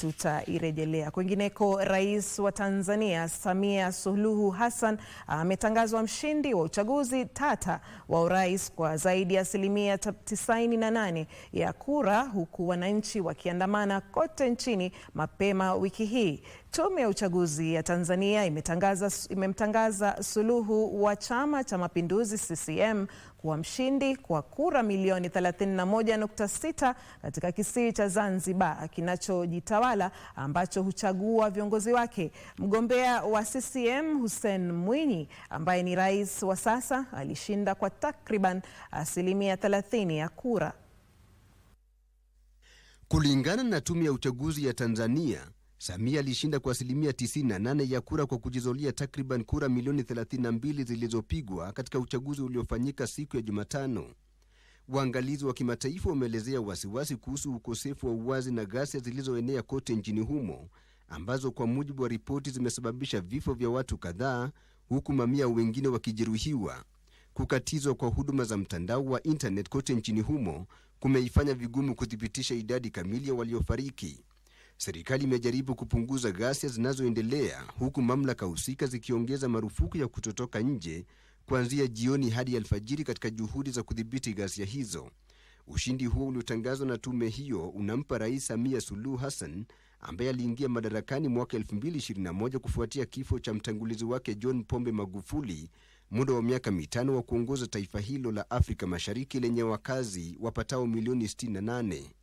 tutairejelea. Kwingineko, rais wa Tanzania Samia Suluhu Hassan ametangazwa mshindi wa uchaguzi tata wa urais kwa zaidi ya asilimia 98 ya kura, huku wananchi wakiandamana kote nchini mapema wiki hii. Tume ya Uchaguzi ya Tanzania imetangaza imemtangaza Suluhu wa Chama cha Mapinduzi CCM kuwa mshindi kwa kura milioni 31.6 katika kisii cha Zanzibar kinachojitawala utawala ambacho huchagua viongozi wake. Mgombea wa CCM Hussein Mwinyi ambaye ni rais wa sasa alishinda kwa takriban asilimia 30 ya kura. Kulingana na Tume ya Uchaguzi ya Tanzania, Samia alishinda kwa asilimia 98 ya kura kwa kujizolia takriban kura milioni 32 zilizopigwa katika uchaguzi uliofanyika siku ya Jumatano. Waangalizi wa kimataifa wameelezea wasiwasi kuhusu ukosefu wa uwazi na ghasia zilizoenea kote nchini humo ambazo kwa mujibu wa ripoti zimesababisha vifo vya watu kadhaa huku mamia wengine wakijeruhiwa. Kukatizwa kwa huduma za mtandao wa intanet kote nchini humo kumeifanya vigumu kuthibitisha idadi kamili ya waliofariki. Serikali imejaribu kupunguza ghasia zinazoendelea huku mamlaka husika zikiongeza marufuku ya kutotoka nje kuanzia jioni hadi alfajiri katika juhudi za kudhibiti ghasia hizo. Ushindi huo uliotangazwa na tume hiyo unampa Rais Samia Suluhu Hassan ambaye aliingia madarakani mwaka 2021 kufuatia kifo cha mtangulizi wake John Pombe Magufuli muda wa miaka mitano wa kuongoza taifa hilo la Afrika Mashariki lenye wakazi wapatao milioni 68.